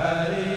Hari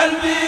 albi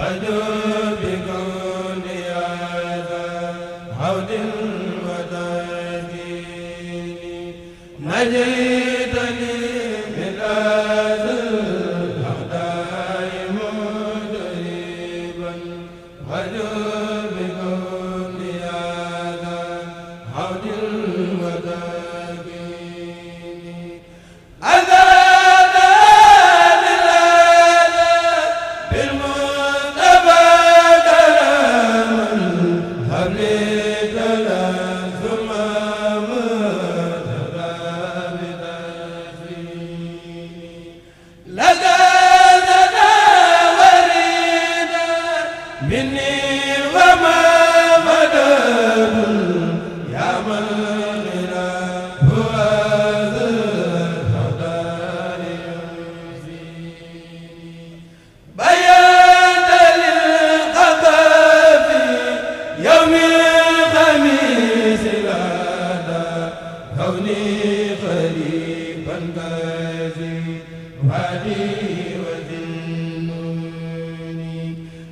Hello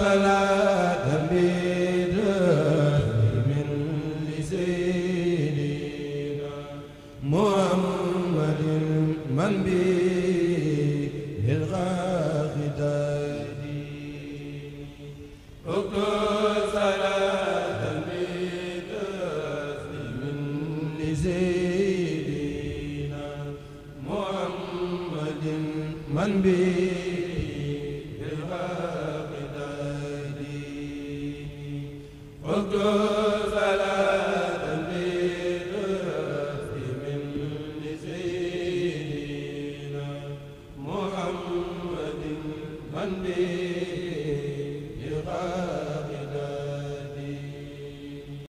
salaam man bi